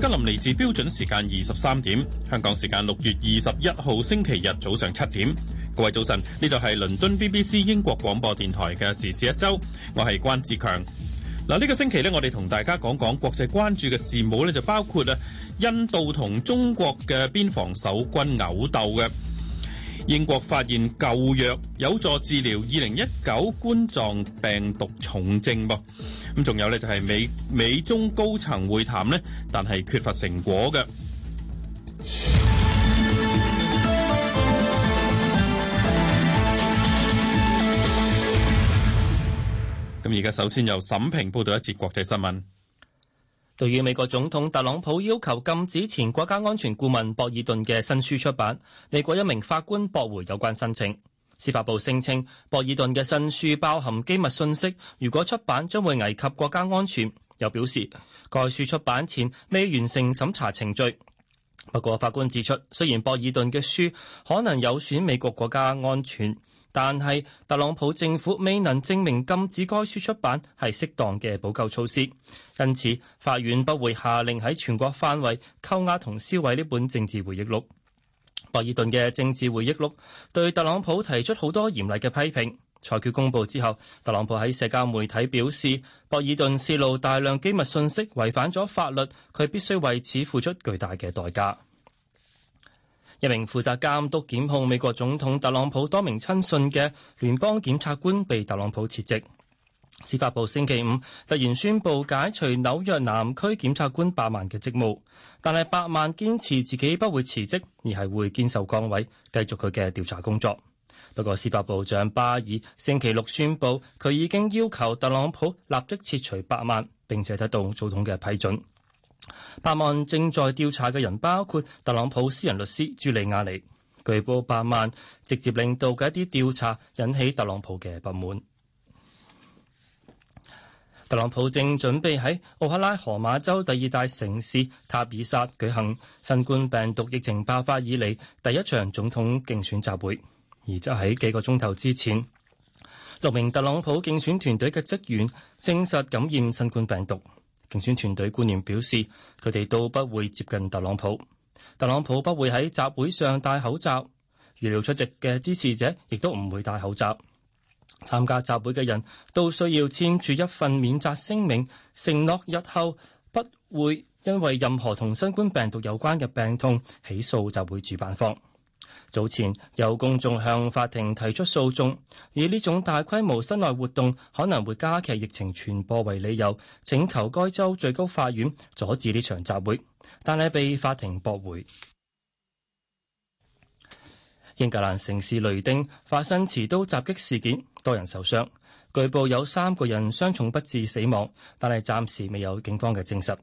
格林尼治標準時間二十三點，香港時間六月二十一號星期日早上七點。各位早晨，呢度係倫敦 BBC 英國廣播電台嘅時事一周，我係關志強。嗱，呢個星期咧，我哋同大家講講國際關注嘅事務咧，就包括啊，印度同中國嘅邊防守軍毆鬥嘅。英國發現舊藥有助治療二零一九冠狀病毒重症噃，咁仲有咧就係美美中高層會談咧，但係缺乏成果嘅。咁而家首先由沈平報道一節國際新聞。對於美國總統特朗普要求禁止前國家安全顧問博爾頓嘅新書出版，美國一名法官駁回有關申請。司法部聲稱，博爾頓嘅新書包含機密信息，如果出版將會危及國家安全，又表示該書出版前未完成審查程序。不過法官指出，雖然博爾頓嘅書可能有損美國國家安全。但係，特朗普政府未能證明禁止該書出版係適當嘅補救措施，因此法院不會下令喺全國範圍扣押同銷毀呢本政治回憶錄。博爾頓嘅政治回憶錄對特朗普提出好多嚴厲嘅批評。裁決公佈之後，特朗普喺社交媒體表示，博爾頓泄露大量機密信息，違反咗法律，佢必須為此付出巨大嘅代價。一名負責監督檢控美國總統特朗普多名親信嘅聯邦檢察官被特朗普撤職。司法部星期五突然宣布解除紐約南區檢察官伯曼嘅職務，但係伯曼堅持自己不會辭職，而係會堅守崗位，繼續佢嘅調查工作。不過司法部長巴爾星期六宣布，佢已經要求特朗普立即撤除伯曼，並且得到總統嘅批准。伯曼正在調查嘅人包括特朗普私人律師朱利亞尼。據報伯曼直接領導嘅一啲調查引起特朗普嘅不滿。特朗普正準備喺奧克拉荷馬州第二大城市塔爾薩薩舉行新冠病毒疫情爆發以嚟第一場總統競選集會，而則喺幾個鐘頭之前，六名特朗普競選團隊嘅職員證實感染新冠病毒。競選團隊官員表示，佢哋都不會接近特朗普。特朗普不會喺集會上戴口罩，預料出席嘅支持者亦都唔會戴口罩。參加集會嘅人都需要簽署一份免責聲明，承諾日後不會因為任何同新冠病毒有關嘅病痛起訴集會主辦方。早前有公眾向法庭提出訴訟，以呢種大規模室內活動可能會加劇疫情傳播為理由，請求該州最高法院阻止呢場集會，但係被法庭駁回。英格蘭城市雷丁發生持刀襲擊事件，多人受傷，據報有三個人傷重不治死亡，但係暫時未有警方嘅證實。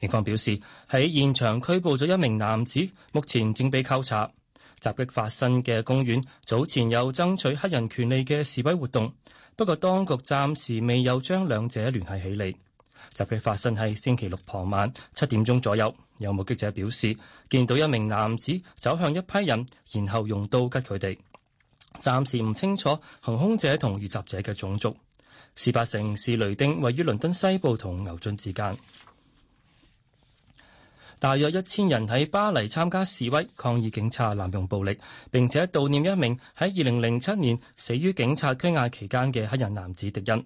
警方表示喺現場拘捕咗一名男子，目前正被扣查。襲擊發生嘅公園早前有爭取黑人權利嘅示威活動，不過當局暫時未有將兩者聯繫起嚟。襲擊發生喺星期六傍晚七點鐘左右，有目擊者表示見到一名男子走向一批人，然後用刀拮佢哋。暫時唔清楚行兇者同遇襲者嘅種族。事發城市雷丁位於倫敦西部同牛津之間。大約一千人喺巴黎參加示威，抗議警察濫用暴力，並且悼念一名喺二零零七年死於警察拘押期間嘅黑人男子迪恩。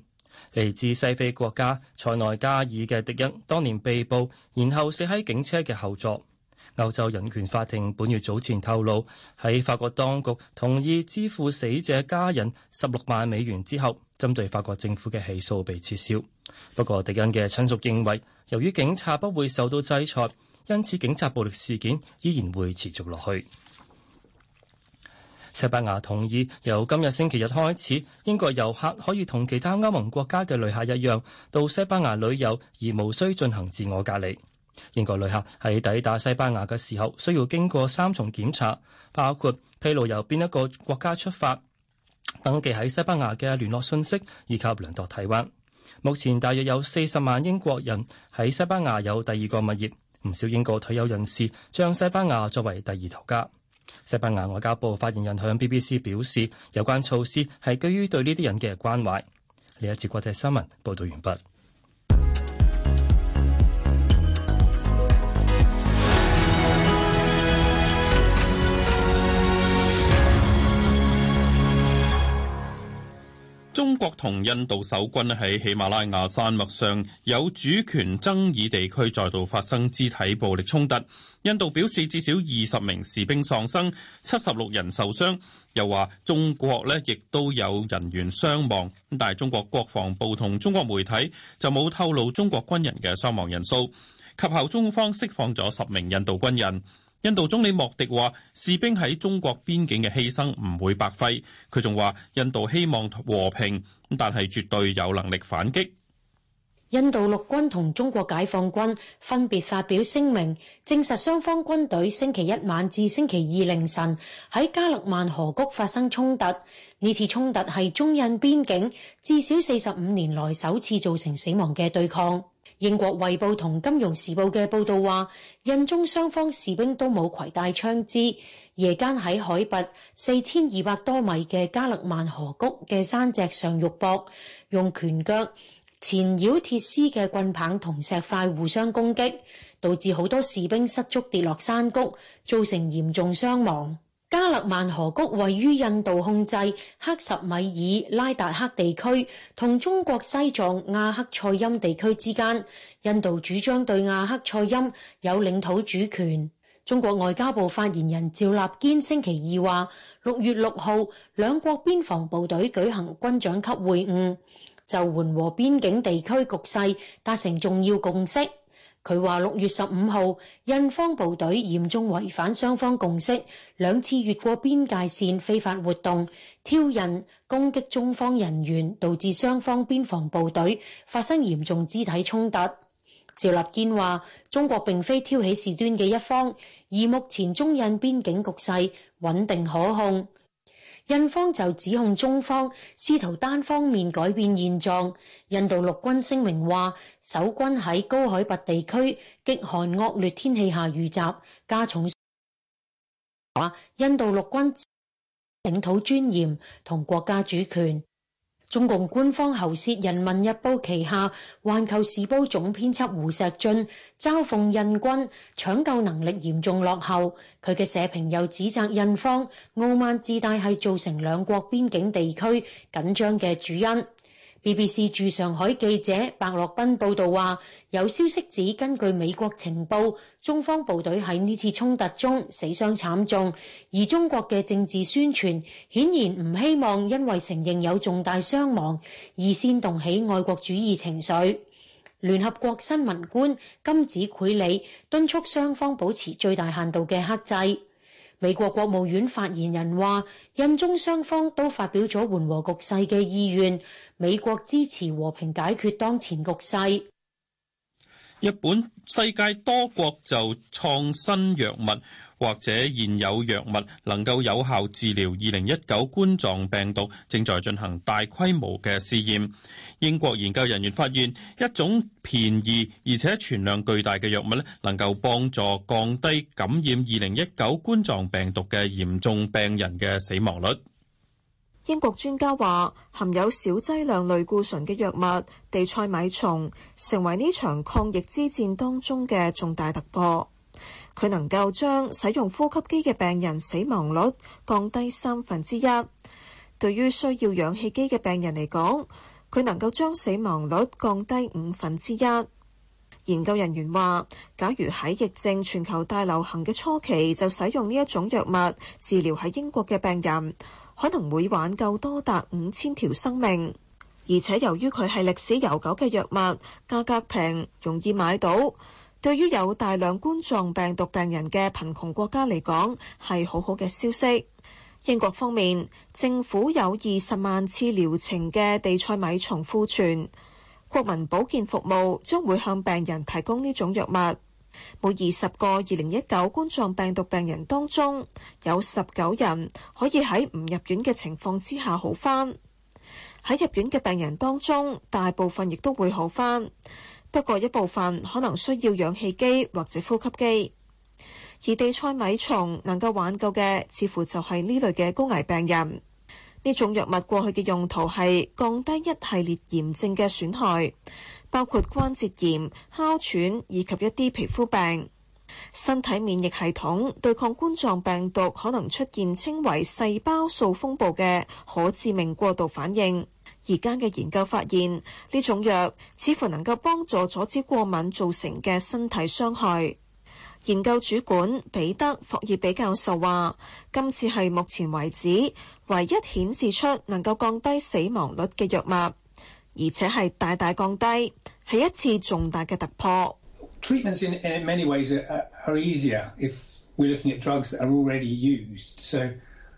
嚟自西非國家塞內加爾嘅迪恩，當年被捕，然後死喺警車嘅後座。歐洲人權法庭本月早前透露，喺法國當局同意支付死者家人十六萬美元之後，針對法國政府嘅起訴被撤銷。不過，迪恩嘅親屬認為，由於警察不會受到制裁。因此，警察暴力事件依然會持續落去。西班牙同意由今日星期日開始，英國遊客可以同其他歐盟國家嘅旅客一樣到西班牙旅遊，而無需進行自我隔離。英國旅客喺抵達西班牙嘅時候，需要經過三重檢查，包括披露由邊一個國家出發，登記喺西班牙嘅聯絡信息，以及量度體溫。目前大約有四十萬英國人喺西班牙有第二個物業。唔少英國退休人士將西班牙作為第二頭家。西班牙外交部發言人向 BBC 表示，有關措施係基於對呢啲人嘅關懷。呢一次國際新聞報道完畢。中國同印度守軍喺喜馬拉雅山脈上有主權爭議地區再度發生肢體暴力衝突。印度表示至少二十名士兵喪生，七十六人受傷，又話中國咧亦都有人員傷亡。但係中國國防部同中國媒體就冇透露中國軍人嘅傷亡人數。及後中方釋放咗十名印度軍人。印度總理莫迪話：士兵喺中國邊境嘅犧牲唔會白費。佢仲話：印度希望和平，但係絕對有能力反擊。印度陸軍同中國解放軍分別發表聲明，證實雙方軍隊星期一晚至星期二凌晨喺加勒萬河谷發生衝突。呢次衝突係中印邊境至少四十五年來首次造成死亡嘅對抗。英國衛報同金融時報嘅報道話，印中雙方士兵都冇攜帶槍支，夜間喺海拔四千二百多米嘅加勒萬河谷嘅山脊上肉搏，用拳腳纏繞鐵絲嘅棍棒同石塊互相攻擊，導致好多士兵失足跌落山谷，造成嚴重傷亡。加勒曼河谷位於印度控制克什米爾拉達克地區同中國西藏阿克賽欽地區之間，印度主張對阿克賽欽有領土主權。中國外交部發言人趙立堅星期二話，六月六號，兩國邊防部隊舉行軍長級會晤，就緩和邊境地區局勢達成重要共識。佢話：六月十五號，印方部隊嚴重違反雙方共識，兩次越過邊界線非法活動，挑釁攻擊中方人員，導致雙方邊防部隊發生嚴重肢體衝突。趙立堅話：中國並非挑起事端嘅一方，而目前中印邊境局勢穩定可控。印方就指控，中方試圖單方面改變現狀，印度陸軍聲明話守軍喺高海拔地區極寒惡劣天氣下遇襲加重，話印度陸軍領土尊嚴同國家主權。中共官方喉舌《人民日報》旗下環球時報總編輯胡錫進嘲諷印軍搶救能力嚴重落後，佢嘅社評又指責印方傲慢自大係造成兩國邊境地區緊張嘅主因。BBC 駐上海記者白洛賓報道話，有消息指，根據美國情報，中方部隊喺呢次衝突中死傷慘重，而中國嘅政治宣傳顯然唔希望因為承認有重大傷亡而煽動起愛國主義情緒。聯合國新聞官金子奎里敦促雙方保持最大限度嘅克制。美國國務院發言人話，印中雙方都發表咗緩和局勢嘅意願，美國支持和平解決當前局勢。日本、世界多國就創新藥物。或者現有藥物能夠有效治療二零一九冠狀病毒，正在進行大規模嘅試驗。英國研究人員發現一種便宜而且存量巨大嘅藥物咧，能夠幫助降低感染二零一九冠狀病毒嘅嚴重病人嘅死亡率。英國專家話，含有小劑量類固醇嘅藥物地塞米松成為呢場抗疫之戰當中嘅重大突破。佢能夠將使用呼吸機嘅病人死亡率降低三分之一。對於需要氧氣機嘅病人嚟講，佢能夠將死亡率降低五分之一。研究人員話，假如喺疫症全球大流行嘅初期就使用呢一種藥物治療喺英國嘅病人，可能會挽救多達五千條生命。而且由於佢係歷史悠久嘅藥物，價格平，容易買到。對於有大量冠狀病毒病人嘅貧窮國家嚟講，係好好嘅消息。英國方面，政府有二十萬次療程嘅地塞米松庫存，國民保健服務將會向病人提供呢種藥物。每二十個二零一九冠狀病毒病人當中，有十九人可以喺唔入院嘅情況之下好翻。喺入院嘅病人當中，大部分亦都會好翻。不過一部分可能需要氧氣機或者呼吸機，而地塞米松能夠挽救嘅似乎就係呢類嘅高危病人。呢種藥物過去嘅用途係降低一系列炎症嘅損害，包括關節炎、哮喘以及一啲皮膚病。身體免疫系統對抗冠狀病毒可能出現稱為細胞素風暴嘅可致命過度反應。而家嘅研究發現，呢種藥似乎能夠幫助阻止過敏造成嘅身體傷害。研究主管彼得霍爾比教授話，今次係目前為止唯一顯示出能夠降低死亡率嘅藥物，而且係大大降低，係一次重大嘅突破。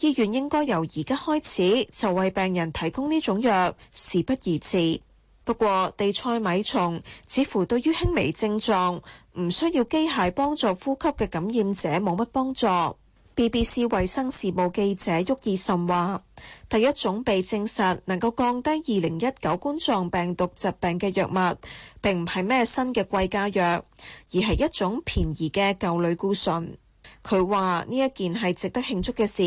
醫院應該由而家開始就為病人提供呢種藥，事不宜遲。不過地塞米松似乎對於輕微症狀唔需要機械幫助呼吸嘅感染者冇乜幫助。BBC 衛生事務記者沃爾什話：第一種被證實能夠降低二零一九冠狀病毒疾病嘅藥物，並唔係咩新嘅貴價藥，而係一種便宜嘅舊類固醇。佢話：呢一件係值得慶祝嘅事，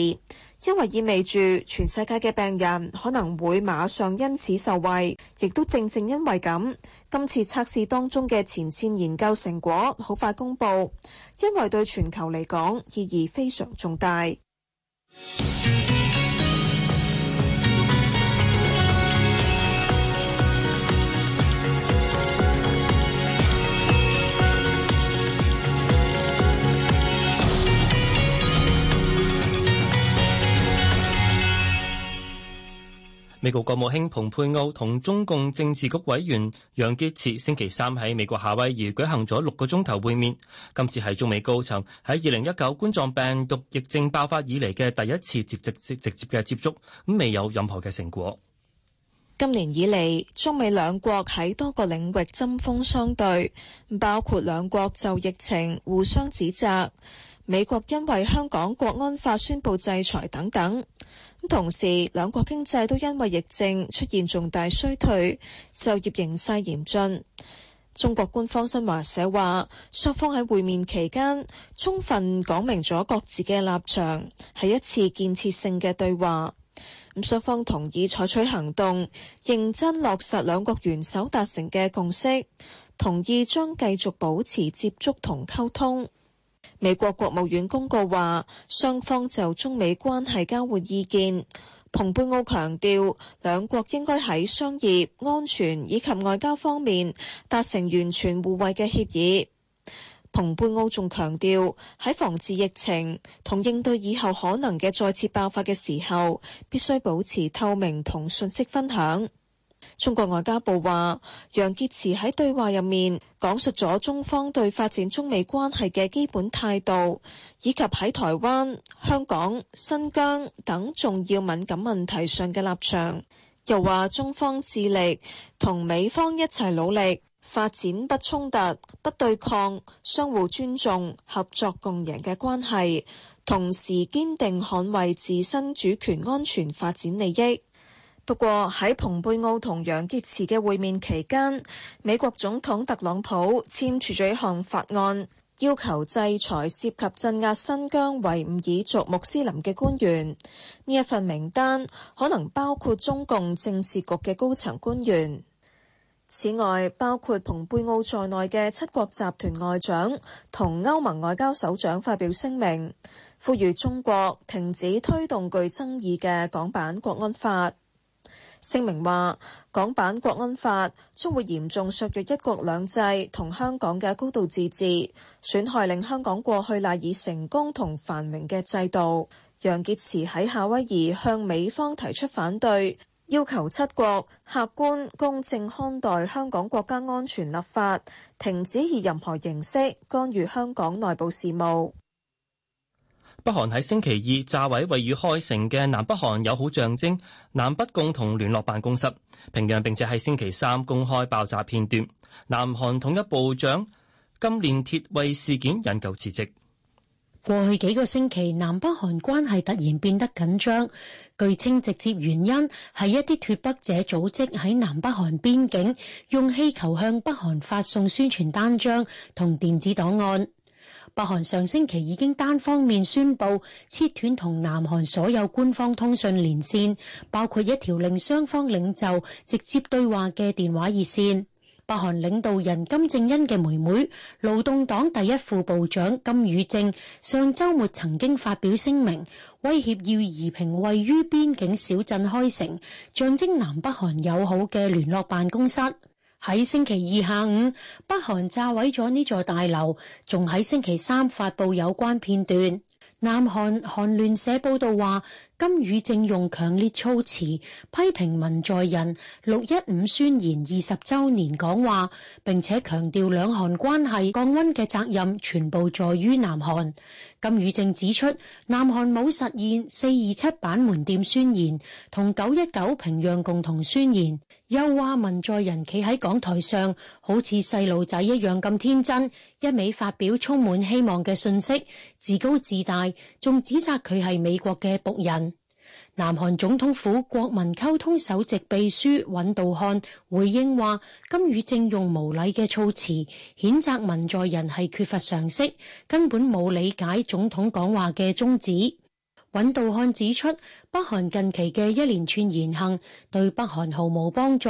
因為意味住全世界嘅病人可能會馬上因此受惠，亦都正正因為咁，今次測試當中嘅前線研究成果好快公佈，因為對全球嚟講意義非常重大。美國國務卿蓬佩奧同中共政治局委員楊潔篪星期三喺美國夏威夷舉行咗六個鐘頭會面，今次係中美高層喺二零一九冠狀病毒疫症爆發以嚟嘅第一次直接直接嘅接觸，未有任何嘅成果。今年以嚟，中美兩國喺多個領域針鋒相對，包括兩國就疫情互相指責，美國因為香港國安法宣佈制裁等等。同時，兩國經濟都因為疫症出現重大衰退，就業形勢嚴峻。中國官方新華社話，雙方喺會面期間充分講明咗各自嘅立場，係一次建設性嘅對話。咁雙方同意採取行動，認真落實兩國元首達成嘅共識，同意將繼續保持接觸同溝通。美國國務院公告話，雙方就中美關係交換意見。蓬佩奧強調，兩國應該喺商業、安全以及外交方面達成完全互惠嘅協議。蓬佩奧仲強調，喺防止疫情同應對以後可能嘅再次爆發嘅時候，必須保持透明同信息分享。中國外交部話，楊潔篪喺對話入面講述咗中方對發展中美關係嘅基本態度，以及喺台灣、香港、新疆等重要敏感問題上嘅立場。又話中方致力同美方一齊努力發展不衝突、不對抗、相互尊重、合作共贏嘅關係，同時堅定捍衛自身主權、安全、發展利益。不過喺蓬佩奧同楊潔篪嘅會面期間，美國總統特朗普簽署咗一項法案，要求制裁涉及鎮壓新疆維吾爾族穆斯林嘅官員。呢一份名單可能包括中共政治局嘅高層官員。此外，包括蓬佩奧在內嘅七國集團外長同歐盟外交首長發表聲明，呼籲中國停止推動具爭議嘅港版國安法。聲明話，港版國安法將會嚴重削弱一國兩制同香港嘅高度自治，損害令香港過去賴以成功同繁榮嘅制度。楊潔篪喺夏威夷向美方提出反對，要求七國客觀公正看待香港國家安全立法，停止以任何形式干預香港內部事務。北韓喺星期二炸毀位，位於開城嘅南北韓友好象徵南北共同聯絡辦公室，平壤並且喺星期三公開爆炸片段。南韓統一部長金鍊鐵為事件引咎辭職。過去幾個星期，南北韓關係突然變得緊張，據稱直接原因係一啲脫北者組織喺南北韓邊境用氣球向北韓發送宣傳單張同電子檔案。北韓上星期已經單方面宣布切斷同南韓所有官方通訊連線，包括一條令雙方領袖直接對話嘅電話熱線。北韓領導人金正恩嘅妹妹、勞動黨第一副部長金與正上週末曾經發表聲明，威脅要移平位於邊境小鎮開城，象徵南北韓友好嘅聯絡辦公室。喺星期二下午，北韓炸毀咗呢座大樓，仲喺星期三發布有關片段。南韓韓聯社報道話，金宇正用強烈措辭批評文在寅六一五宣言二十週年講話，並且強調兩韓關係降溫嘅責任全部在於南韓。金與正指出，南韓冇實現四二七板門店宣言同九一九平壤共同宣言，又話文在寅企喺講台上，好似細路仔一樣咁天真，一味發表充滿希望嘅信息，自高自大，仲指責佢係美國嘅僕人。南韓總統府國民溝通首席秘書尹道漢回應話：金與正用無禮嘅措辭譴責文在寅係缺乏常識，根本冇理解總統講話嘅宗旨。尹道漢指出，北韓近期嘅一連串言行對北韓毫無幫助，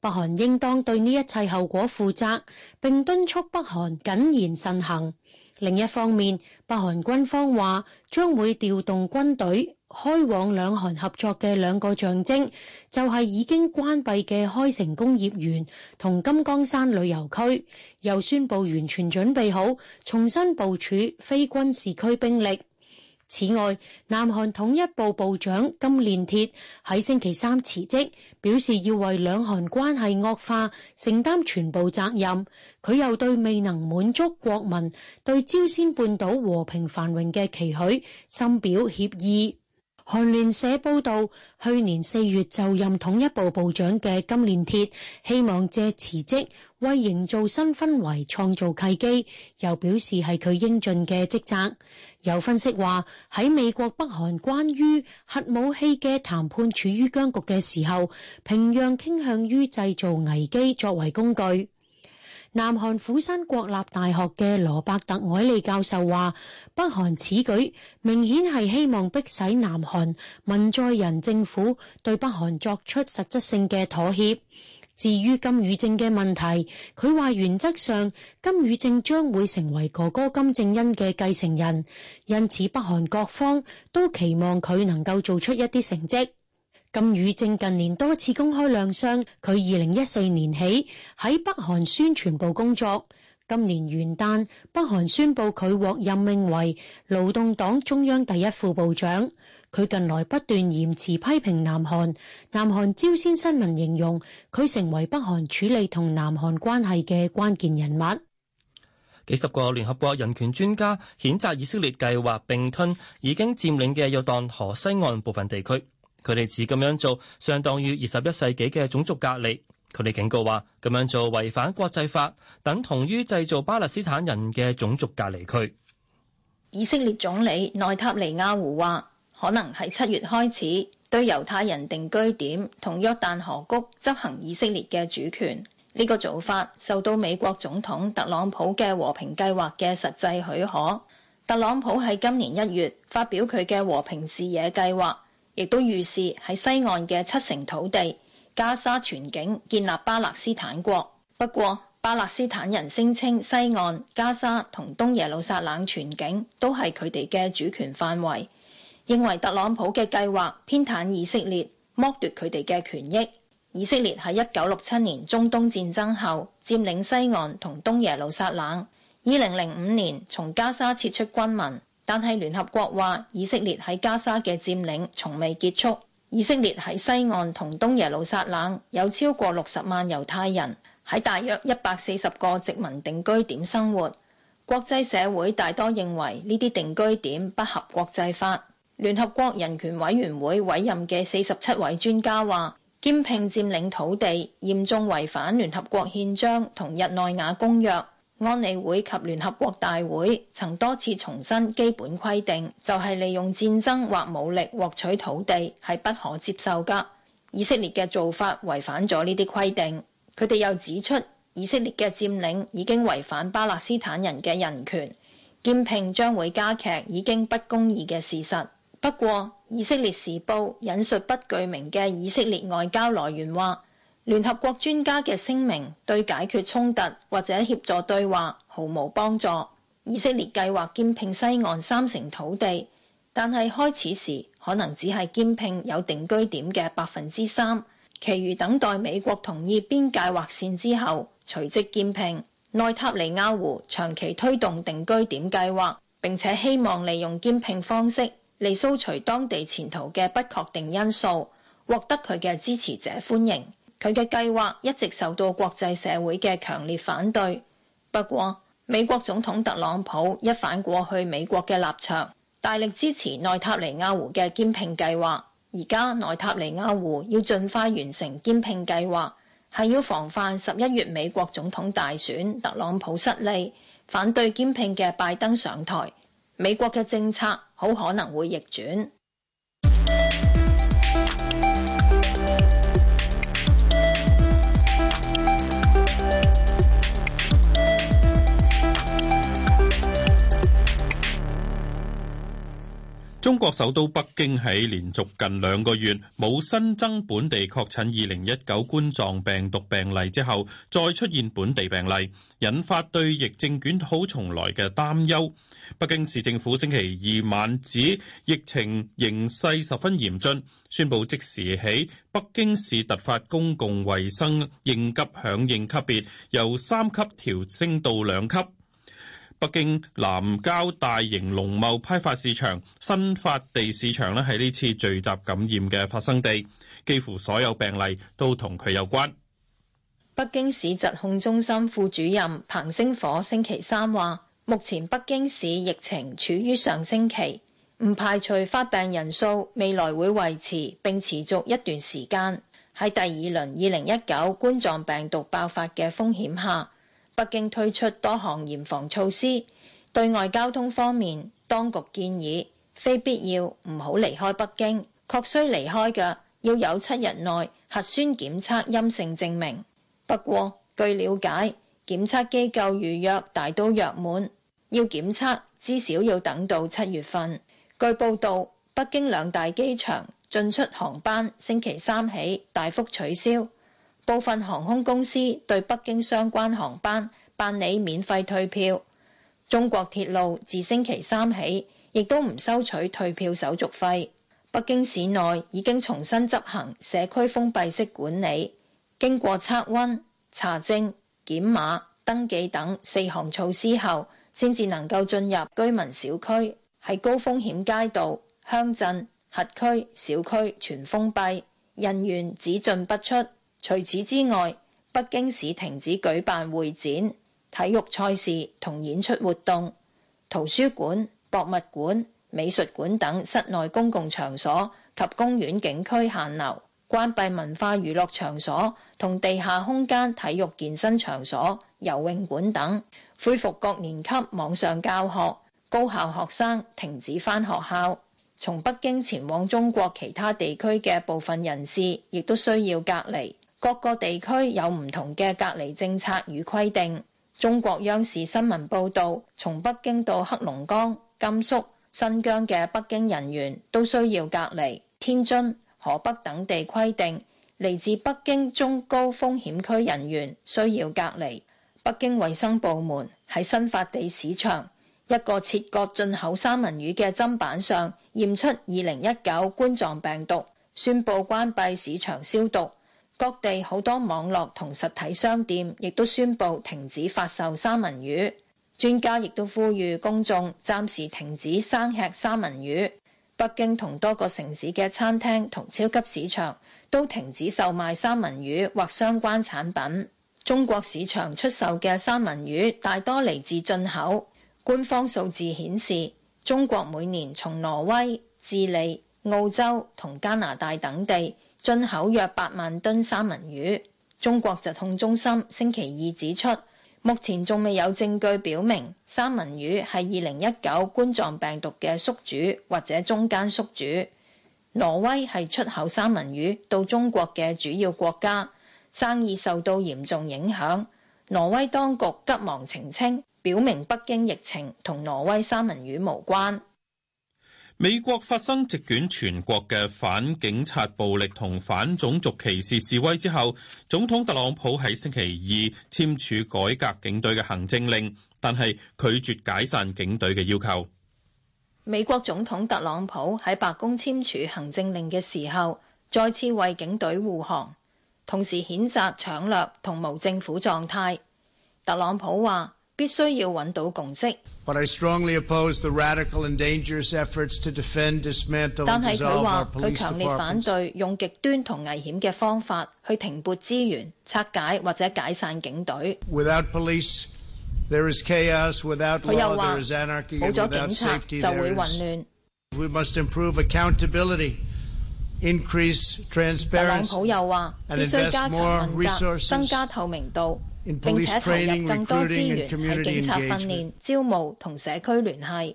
北韓應當對呢一切後果負責，並敦促北韓謹言慎行。另一方面，北韓軍方話將會調動軍隊。開往兩韓合作嘅兩個象徵就係已經關閉嘅開城工業園同金剛山旅遊區，又宣佈完全準備好重新部署非軍事區兵力。此外，南韓統一部部長金煉鐵喺星期三辭職，表示要為兩韓關係惡化承擔全部責任。佢又對未能滿足國民對朝鮮半島和平繁榮嘅期許深表歉意。韓聯社報道，去年四月就任統一部部長嘅金蓮鐵希望借辭職為營造新氛圍創造契機，又表示係佢應盡嘅職責。有分析話，喺美國北韓關於核武器嘅談判處於僵局嘅時候，平壤傾向於制造危機作為工具。南韓釜山國立大學嘅羅伯特凱利教授話，北韓此舉明顯係希望迫使南韓文在寅政府對北韓作出實質性嘅妥協。至於金與正嘅問題，佢話原則上金與正將會成為哥哥金正恩嘅繼承人，因此北韓各方都期望佢能夠做出一啲成績。金與正近年多次公開亮相。佢二零一四年起喺北韓宣傳部工作。今年元旦，北韓宣布佢獲任命為勞動黨中央第一副部長。佢近來不斷嚴詞批評南韓。南韓朝鮮新聞形容佢成為北韓處理同南韓關係嘅關鍵人物。幾十個聯合國人權專家譴責以色列計劃並吞已經佔領嘅約旦河西岸部分地區。佢哋似咁樣做，相當於二十一世紀嘅種族隔離。佢哋警告話，咁樣做違反國際法，等同於製造巴勒斯坦人嘅種族隔離區。以色列總理內塔尼亞胡話，可能喺七月開始對猶太人定居點同約旦河谷執行以色列嘅主權。呢個做法受到美國總統特朗普嘅和平計劃嘅實際許可。特朗普喺今年一月發表佢嘅和平視野計劃。亦都預示喺西岸嘅七成土地加沙全境建立巴勒斯坦國。不過，巴勒斯坦人聲稱西岸、加沙同東耶路撒冷全境都係佢哋嘅主權範圍，認為特朗普嘅計劃偏袒以色列，剝奪佢哋嘅權益。以色列喺一九六七年中東戰爭後佔領西岸同東耶路撒冷，二零零五年從加沙撤出軍民。但係聯合國話，以色列喺加沙嘅佔領從未結束。以色列喺西岸同東耶路撒冷有超過六十萬猶太人喺大約一百四十個殖民定居點生活。國際社會大多認為呢啲定居點不合國際法。聯合國人權委員會委任嘅四十七位專家話，兼併佔領土地，嚴重違反聯合國憲章同日內瓦公約。安理會及聯合國大會曾多次重申基本規定，就係利用戰爭或武力獲取土地係不可接受㗎。以色列嘅做法違反咗呢啲規定。佢哋又指出，以色列嘅佔領已經違反巴勒斯坦人嘅人權，兼併將會加劇已經不公義嘅事實。不過，《以色列時報》引述不具名嘅以色列外交來源話：聯合國專家嘅聲明對解決衝突或者協助對話毫無幫助。以色列計劃兼併西岸三成土地，但係開始時可能只係兼併有定居點嘅百分之三，其餘等待美國同意邊界劃線之後隨即兼併。內塔尼亞胡長期推動定居點計劃，並且希望利用兼併方式嚟掃除當地前途嘅不確定因素，獲得佢嘅支持者歡迎。佢嘅計劃一直受到國際社會嘅強烈反對。不過，美國總統特朗普一反過去美國嘅立場，大力支持內塔尼亞胡嘅兼併計劃。而家內塔尼亞胡要盡快完成兼併計劃，係要防範十一月美國總統大選特朗普失利，反對兼併嘅拜登上台，美國嘅政策好可能會逆轉。中國首都北京喺連續近兩個月冇新增本地確診二零一九冠狀病毒病例之後，再出現本地病例，引發對疫症捲土重來嘅擔憂。北京市政府星期二晚指疫情形勢十分嚴峻，宣佈即時起北京市突發公共衛生應急響應級別由三級調升到兩級。北京南郊大型農貿批發市場新發地市場咧，喺呢次聚集感染嘅發生地，幾乎所有病例都同佢有關。北京市疾控中心副主任彭星火星期三話，目前北京市疫情處於上升期，唔排除發病人數未來會維持並持續一段時間，喺第二輪二零一九冠狀病毒爆發嘅風險下。北京推出多項嚴防措施，對外交通方面，當局建議非必要唔好離開北京，確需離開嘅要有七日內核酸檢測陰性證明。不過據了解，檢測機構預約大都約滿，要檢測至少要等到七月份。據報導，北京兩大機場進出航班星期三起大幅取消。部分航空公司對北京相關航班辦理免費退票。中國鐵路自星期三起亦都唔收取退票手續費。北京市內已經重新執行社區封閉式管理，經過測溫、查證、檢碼、登記等四項措施後，先至能夠進入居民小區。喺高風險街道、鄉鎮、轄區、小區全封閉，人員只進不出。除此之外，北京市停止舉辦會展、體育賽事同演出活動，圖書館、博物館、美術館等室內公共場所及公園景區限流，關閉文化娛樂場所同地下空間體育健身場所、游泳館等。恢復各年級網上教學，高校學生停止返學校。從北京前往中國其他地區嘅部分人士亦都需要隔離。各個地區有唔同嘅隔離政策與規定。中國央視新聞報道，從北京到黑龍江、甘肅、新疆嘅北京人員都需要隔離。天津、河北等地規定嚟自北京中高風險區人員需要隔離。北京衛生部門喺新發地市場一個切割進口三文魚嘅砧板上驗出二零一九冠狀病毒，宣布關閉市場消毒。各地好多網絡同實體商店亦都宣布停止發售三文魚，專家亦都呼籲公眾暫時停止生吃三文魚。北京同多個城市嘅餐廳同超級市場都停止售賣三文魚或相關產品。中國市場出售嘅三文魚大多嚟自進口，官方數字顯示，中國每年從挪威、智利、澳洲同加拿大等地，進口約八萬噸三文魚，中國疾控中心星期二指出，目前仲未有證據表明三文魚係二零一九冠狀病毒嘅宿主或者中間宿主。挪威係出口三文魚到中國嘅主要國家，生意受到嚴重影響。挪威當局急忙澄清，表明北京疫情同挪威三文魚無關。美國發生席捲全國嘅反警察暴力同反種族歧視示威之後，總統特朗普喺星期二簽署改革警隊嘅行政令，但係拒絕解散警隊嘅要求。美國總統特朗普喺白宮簽署行政令嘅時候，再次為警隊護航，同時譴責搶掠同無政府狀態。特朗普話：必須要揾到共識。但係佢話，佢強烈反對用極端同危險嘅方法去停撥資源、拆解或者解散警隊。佢又話，冇咗警察就會混亂。特朗普又話，必須加強問責、增加透明度。並且投入更多資源喺警察訓練、招募同社區聯繫。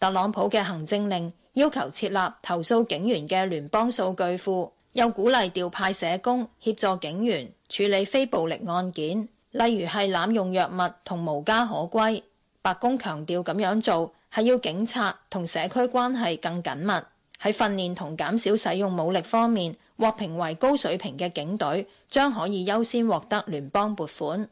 特朗普嘅行政令要求設立投訴警員嘅聯邦數據庫，又鼓勵調派社工協助警員處理非暴力案件，例如係濫用藥物同無家可歸。白宮強調咁樣做，係要警察同社區關係更緊密。喺訓練同減少使用武力方面，獲評為高水平嘅警隊將可以優先獲得聯邦撥款。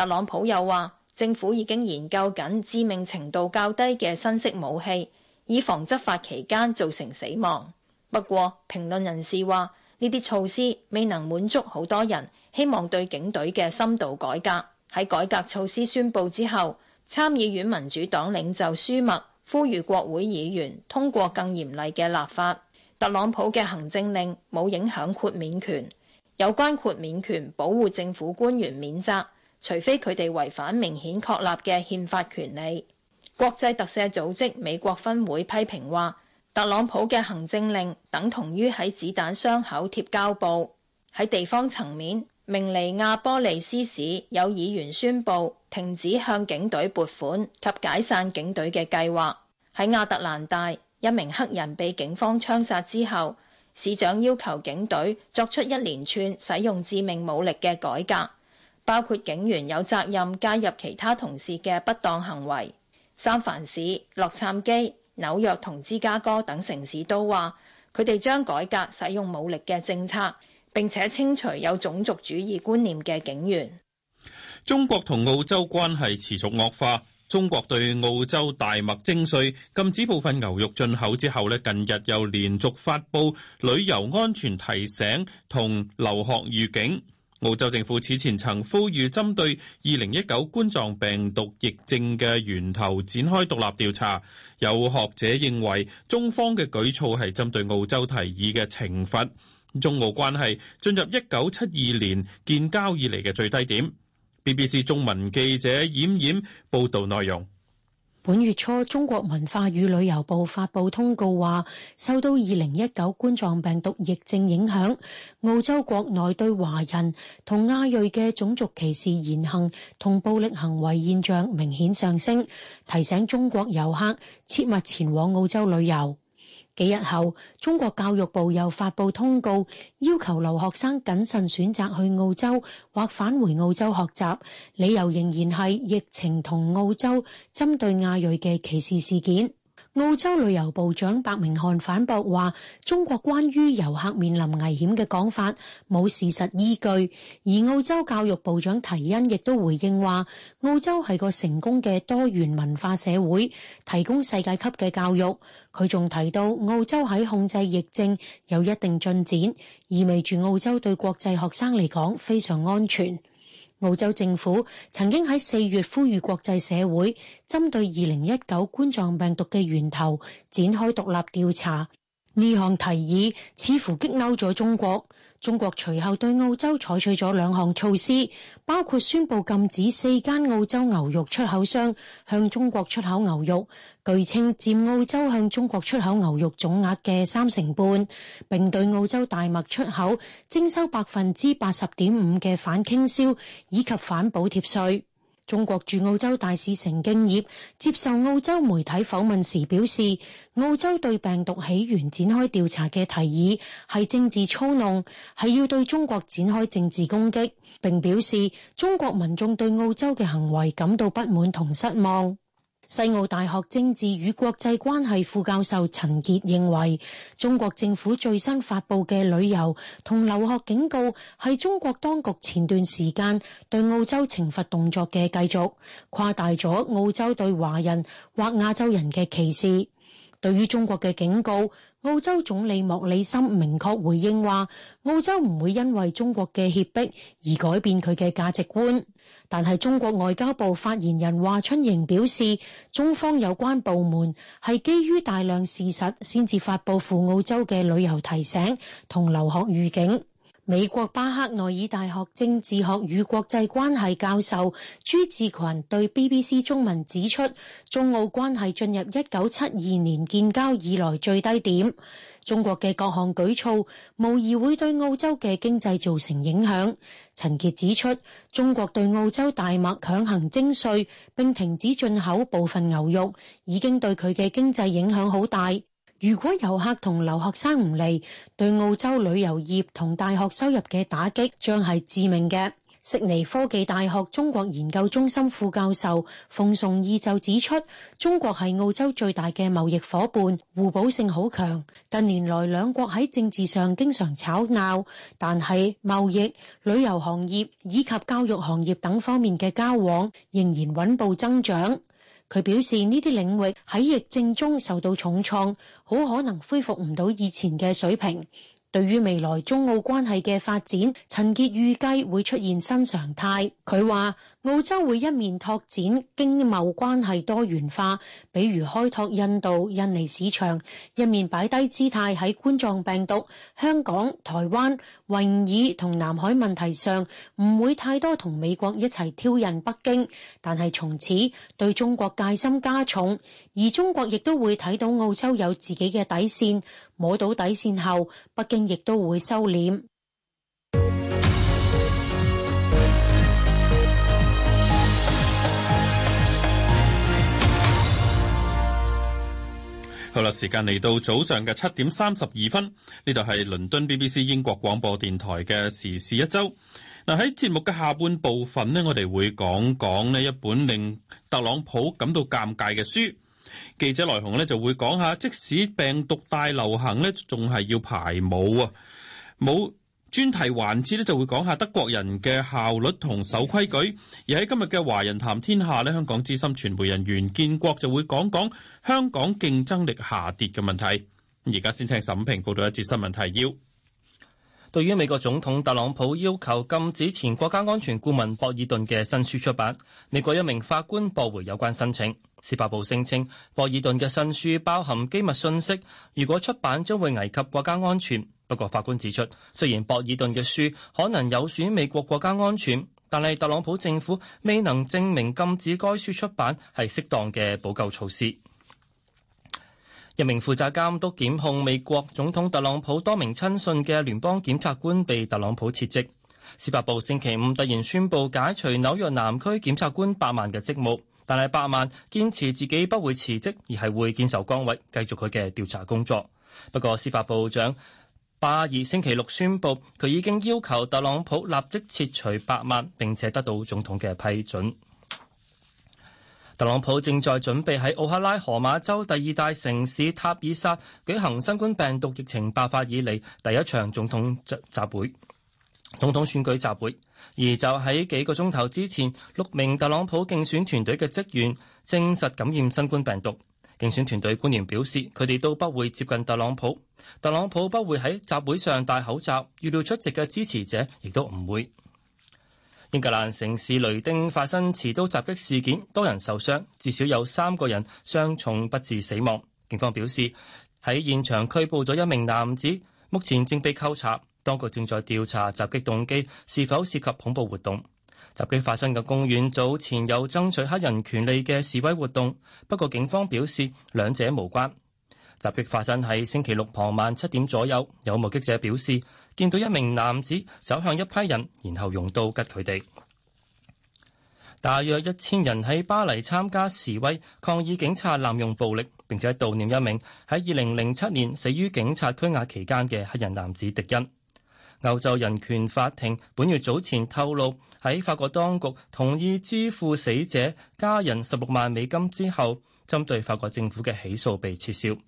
特朗普又話，政府已經研究緊致命程度較低嘅新式武器，以防執法期間造成死亡。不過，評論人士話呢啲措施未能滿足好多人希望對警隊嘅深度改革。喺改革措施宣布之後，參議院民主黨領袖舒默呼籲國會議員通過更嚴厲嘅立法。特朗普嘅行政令冇影響豁免權，有關豁免權保護政府官員免責。除非佢哋違反明顯確立嘅憲法權利，國際特赦組織美國分會批評話，特朗普嘅行政令等同於喺子彈傷口貼膠布。喺地方層面，明尼亞波利斯市有議員宣布停止向警隊撥款及解散警隊嘅計劃。喺亞特蘭大，一名黑人被警方槍殺之後，市長要求警隊作出一連串使用致命武力嘅改革。包括警員有責任介入其他同事嘅不當行為。三藩市、洛杉磯、紐約同芝加哥等城市都話，佢哋將改革使用武力嘅政策，並且清除有種族主義觀念嘅警員。中國同澳洲關係持續惡化。中國對澳洲大麥徵稅、禁止部分牛肉進口之後咧，近日又連續發布旅遊安全提醒同留學預警。澳洲政府此前曾呼籲針對二零一九冠狀病毒疫症嘅源頭展開獨立調查。有學者認為，中方嘅舉措係針對澳洲提議嘅懲罰。中澳關係進入一九七二年建交以嚟嘅最低點。BBC 中文記者冉冉報道內容。本月初，中國文化與旅遊部發布通告話，受到二零一九冠狀病毒疫症影響，澳洲國內對華人同亞裔嘅種族歧視言行同暴力行為現象明顯上升，提醒中國遊客切勿前往澳洲旅遊。幾日後，中國教育部又發布通告，要求留學生謹慎選擇去澳洲或返回澳洲學習，理由仍然係疫情同澳洲針對亞裔嘅歧視事件。澳洲旅遊部長白明翰反駁話，中國關於遊客面臨危險嘅講法冇事實依據。而澳洲教育部長提恩亦都回應話，澳洲係個成功嘅多元文化社會，提供世界級嘅教育。佢仲提到澳洲喺控制疫症有一定進展，意味住澳洲對國際學生嚟講非常安全。澳洲政府曾經喺四月呼籲國際社會針對二零一九冠狀病毒嘅源頭展開獨立調查，呢項提議似乎激怒咗中國。中國隨後對澳洲採取咗兩項措施，包括宣布禁止四間澳洲牛肉出口商向中國出口牛肉，據稱佔澳洲向中國出口牛肉總額嘅三成半，並對澳洲大麥出口徵收百分之八十點五嘅反傾銷以及反補貼稅。中國駐澳洲大使成競業接受澳洲媒體訪問時表示，澳洲對病毒起源展開調查嘅提議係政治操弄，係要對中國展開政治攻擊，並表示中國民眾對澳洲嘅行為感到不滿同失望。西澳大學政治與國際關係副教授陳杰認為，中國政府最新發佈嘅旅遊同留學警告，係中國當局前段時間對澳洲懲罰動作嘅繼續，誇大咗澳洲對華人或亞洲人嘅歧視。對於中國嘅警告，澳洲總理莫里森明確回應話，澳洲唔會因為中國嘅脅迫而改變佢嘅價值觀。但係中國外交部發言人華春瑩表示，中方有關部門係基於大量事實先至發布赴澳洲嘅旅遊提醒同留學預警。美國巴克內爾大學政治學與國際關係教授朱志群對 BBC 中文指出，中澳關係進入一九七二年建交以來最低點。中國嘅各項舉措無疑會對澳洲嘅經濟造成影響。陳杰指出，中國對澳洲大麥強行徵稅，並停止進口部分牛肉，已經對佢嘅經濟影響好大。如果遊客同留學生唔嚟，對澳洲旅遊業同大學收入嘅打擊將係致命嘅。悉尼科技大學中國研究中心副教授馮崇義就指出，中國係澳洲最大嘅貿易伙伴，互補性好強。近年來兩國喺政治上經常吵鬧，但係貿易、旅遊行業以及教育行業等方面嘅交往仍然穩步增長。佢表示呢啲領域喺疫症中受到重創，好可能恢復唔到以前嘅水平。對於未來中澳關係嘅發展，陳傑預計會出現新常態，佢話。澳洲會一面拓展經貿關係多元化，比如開拓印度、印尼市場，一面擺低姿態喺冠狀病毒、香港、台灣、維吾爾同南海問題上，唔會太多同美國一齊挑釁北京。但係從此對中國戒心加重，而中國亦都會睇到澳洲有自己嘅底線，摸到底線後，北京亦都會收斂。好啦，時間嚟到早上嘅七點三十二分，呢度係倫敦 BBC 英國廣播電台嘅《時事一周》啊。嗱，喺節目嘅下半部分呢，我哋會講講咧一本令特朗普感到尷尬嘅書。記者來鴻咧就會講下，即使病毒大流行呢仲係要排舞啊，舞。專題環節咧就會講下德國人嘅效率同守規矩，而喺今日嘅華人談天下咧，香港資深傳媒人袁建國就會講講香港競爭力下跌嘅問題。而家先聽沈平報道一節新聞提要。對於美國總統特朗普要求禁止前國家安全顧問博爾頓嘅新書出版，美國一名法官駁回有關申請。司法部聲稱，博爾頓嘅新書包含機密信息，如果出版將會危及國家安全。不過，法官指出，雖然博爾頓嘅書可能有損美國國家安全，但係特朗普政府未能證明禁止該書出版係適當嘅補救措施。一名負責監督檢控美國總統特朗普多名親信嘅聯邦檢察官被特朗普撤職。司法部星期五突然宣布解除紐約南區檢察官伯曼嘅職務，但係伯曼堅持自己不會辭職，而係會堅守崗位，繼續佢嘅調查工作。不過，司法部長，巴爾星期六宣布，佢已經要求特朗普立即撤除百萬，並且得到總統嘅批准。特朗普正在準備喺奧克拉荷馬州第二大城市塔爾薩舉行新冠病毒疫情爆發以嚟第一場總統集集會，總統選舉集會。而就喺幾個鐘頭之前，六名特朗普競選團隊嘅職員證實感染新冠病毒。競選團隊官員表示，佢哋都不會接近特朗普。特朗普不會喺集會上戴口罩，預料出席嘅支持者亦都唔會。英格蘭城市雷丁發生持刀襲擊事件，多人受傷，至少有三個人傷重不治死亡。警方表示，喺現場拘捕咗一名男子，目前正被扣查。當局正在調查襲擊動機是否涉及恐怖活動。襲擊發生嘅公園早前有爭取黑人權利嘅示威活動，不過警方表示兩者無關。襲擊發生喺星期六傍晚七點左右，有目擊者表示見到一名男子走向一批人，然後用刀拮佢哋。大約一千人喺巴黎參加示威，抗議警察濫用暴力，並且悼念一名喺二零零七年死於警察拘押期間嘅黑人男子迪恩。歐洲人權法庭本月早前透露，喺法國當局同意支付死者家人十六萬美金之後，針對法國政府嘅起訴被撤銷。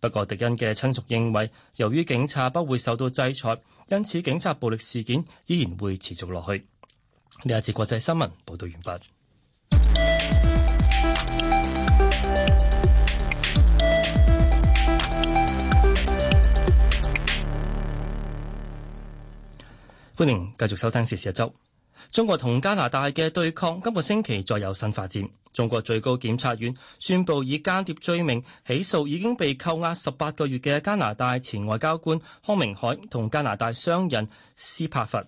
不過，迪恩嘅親屬認為，由於警察不會受到制裁，因此警察暴力事件依然會持續落去。呢一次國際新聞報道完畢。歡迎繼續收聽《時事一周》。中國同加拿大嘅對抗今個星期再有新發展。中國最高檢察院宣布以間諜罪名起訴已經被扣押十八個月嘅加拿大前外交官康明凱同加拿大商人斯帕佛。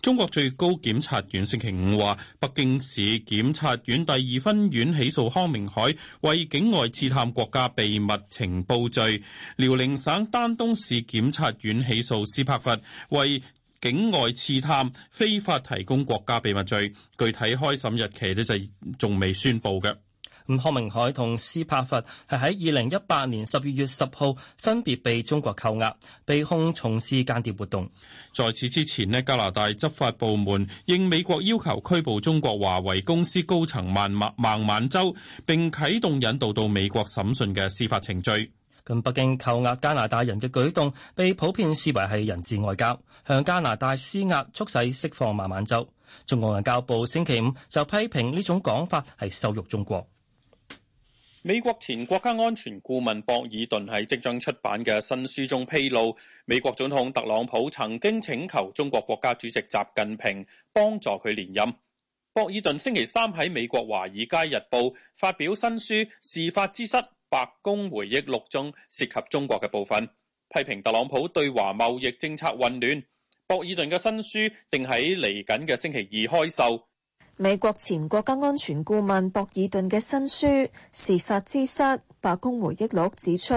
中國最高檢察院星期五話，北京市檢察院第二分院起訴康明凱為境外刺探國家秘密情報罪；遼寧省丹東市檢察院起訴斯帕佛為境外刺探、非法提供國家秘密罪，具體開審日期呢，就仲未宣佈嘅。吳學明海同斯帕弗係喺二零一八年十二月十號分別被中國扣押，被控從事間諜活動。在此之前呢，加拿大執法部門應美國要求拘捕中國華為公司高層萬麥孟晚舟，並啟動引渡到美國審訊嘅司法程序。跟北京扣押加拿大人嘅舉動被普遍視為係人質外交，向加拿大施壓促使釋放孟晚舟。中國外交部星期五就批評呢種講法係羞辱中國。美國前國家安全顧問博爾頓喺即將出版嘅新書中披露，美國總統特朗普曾經請求中國國家主席習近平幫助佢連任。博爾頓星期三喺美國華爾街日報發表新書《事發之失》。白宮回憶錄中涉及中國嘅部分，批評特朗普對華貿易政策混亂。博爾頓嘅新書定喺嚟緊嘅星期二開售。美國前國家安全顧問博爾頓嘅新書《事發之室》，白宮回憶錄指出，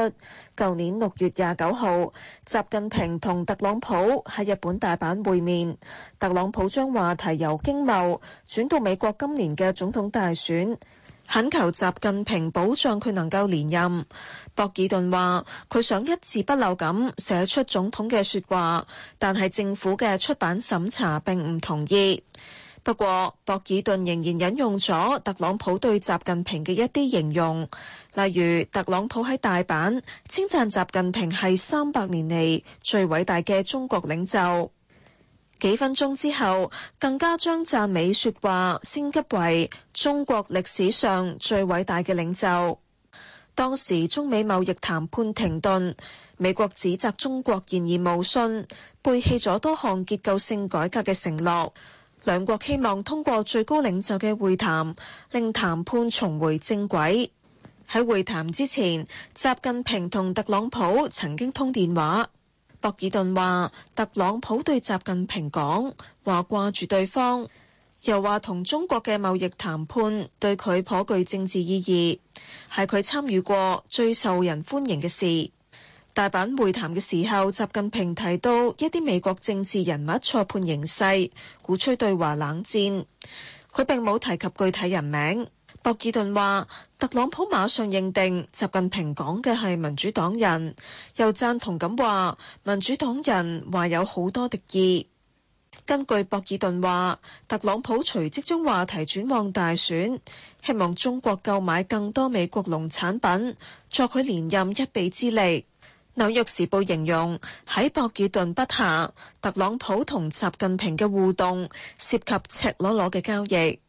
舊年六月廿九號，習近平同特朗普喺日本大阪會面，特朗普將話題由經貿轉到美國今年嘅總統大選。懇求習近平保障佢能夠連任。博爾頓話：佢想一字不漏咁寫出總統嘅說話，但係政府嘅出版審查並唔同意。不過，博爾頓仍然引用咗特朗普對習近平嘅一啲形容，例如特朗普喺大阪稱讚習近平係三百年嚟最偉大嘅中國領袖。幾分鐘之後，更加將讚美說話升級為中國歷史上最偉大嘅領袖。當時中美貿易談判停頓，美國指責中國言而無信，背棄咗多項結構性改革嘅承諾，兩國希望通過最高領袖嘅會談，令談判重回正軌。喺會談之前，習近平同特朗普曾經通電話。博爾頓話：特朗普對習近平講，話掛住對方，又話同中國嘅貿易談判對佢頗具政治意義，係佢參與過最受人歡迎嘅事。大阪會談嘅時候，習近平提到一啲美國政治人物錯判形勢，鼓吹對華冷戰，佢並冇提及具體人名。博爾頓話：特朗普馬上認定習近平講嘅係民主黨人，又贊同咁話民主黨人話有好多敵意。根據博爾頓話，特朗普隨即將話題轉往大選，希望中國購買更多美國農產品，助佢連任一臂之力。紐約時報形容喺博爾頓筆下，特朗普同習近平嘅互動涉及赤裸裸嘅交易。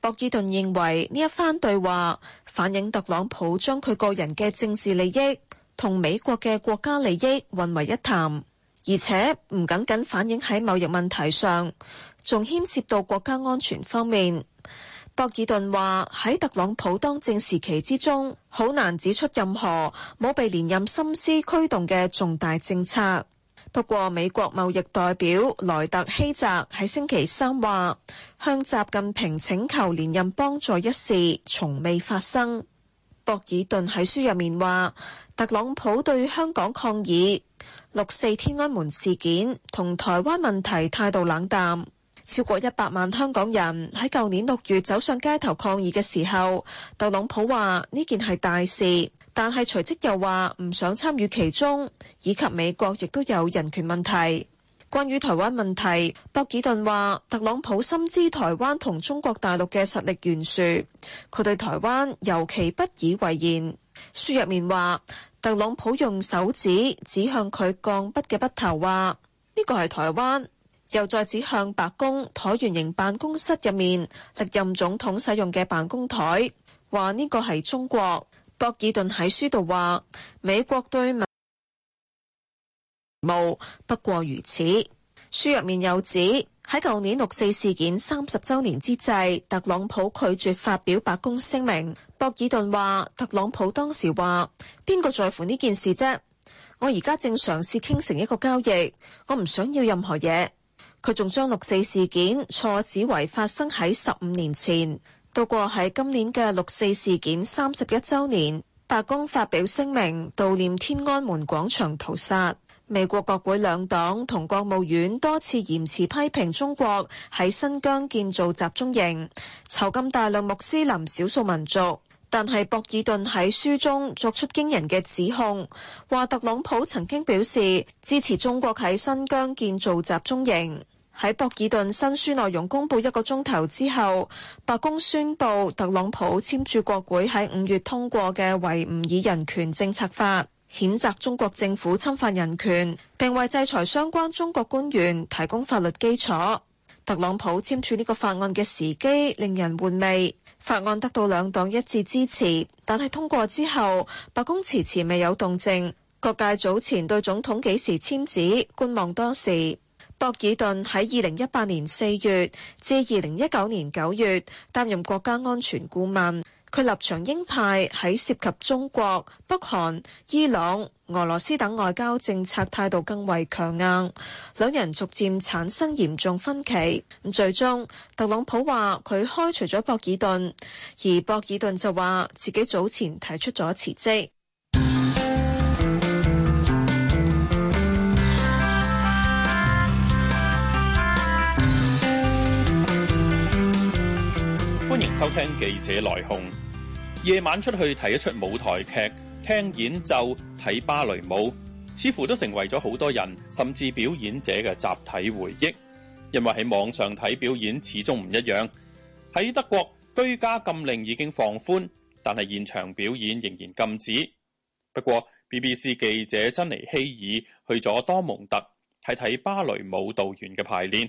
博爾頓認為呢一番對話反映特朗普將佢個人嘅政治利益同美國嘅國家利益混為一談，而且唔僅僅反映喺貿易問題上，仲牽涉到國家安全方面。博爾頓話，喺特朗普當政時期之中，好難指出任何冇被連任心思驅動嘅重大政策。不過，美國貿易代表萊特希澤喺星期三話，向習近平請求連任幫助一事從未發生。博爾頓喺書入面話，特朗普對香港抗議、六四天安門事件同台灣問題態度冷淡。超過一百萬香港人喺舊年六月走上街頭抗議嘅時候，特朗普話呢件係大事。但係，隨即又話唔想參與其中，以及美國亦都有人權問題。關於台灣問題，博爾頓話：特朗普深知台灣同中國大陸嘅實力懸殊，佢對台灣尤其不以為然。書入面話，特朗普用手指指向佢鋼筆嘅筆頭，話呢個係台灣，又再指向白宮橢圓形辦公室入面歷任總統使用嘅辦公台，話呢個係中國。博爾頓喺書度話：美國對民主嘅義務不過如此。書入面又指喺舊年六四事件三十周年之際，特朗普拒絕發表白宮聲明。博爾頓話：特朗普當時話：邊個在乎呢件事啫？我而家正嘗試傾成一個交易，我唔想要任何嘢。佢仲將六四事件錯指為發生喺十五年前。不過喺今年嘅六四事件三十一周年，白宮發表聲明悼念天安門廣場屠殺。美國國會兩黨同國務院多次嚴詞批評中國喺新疆建造集中營，囚禁大量穆斯林少數民族。但係博爾頓喺書中作出驚人嘅指控，話特朗普曾經表示支持中國喺新疆建造集中營。喺博爾頓新書內容公布一個鐘頭之後，白宮宣布特朗普簽署國會喺五月通過嘅《維吾爾人權政策法》，譴責中國政府侵犯人權，並為制裁相關中國官員提供法律基礎。特朗普簽署呢個法案嘅時機令人玩味。法案得到兩黨一致支持，但係通過之後，白宮遲遲未有動靜。各界早前對總統幾時簽紙觀望多時。博爾頓喺二零一八年四月至二零一九年九月擔任國家安全顧問，佢立場鷹派，喺涉及中國、北韓、伊朗、俄羅斯等外交政策態度更為強硬。兩人逐漸產生嚴重分歧，最終特朗普話佢開除咗博爾頓，而博爾頓就話自己早前提出咗辭職。收聽記者來鴻，夜晚出去睇一出舞台劇、聽演奏、睇芭蕾舞，似乎都成為咗好多人甚至表演者嘅集體回憶。因為喺網上睇表演始終唔一樣。喺德國，居家禁令已經放寬，但係現場表演仍然禁止。不過，BBC 記者珍妮希爾去咗多蒙特睇睇芭蕾舞蹈員嘅排練。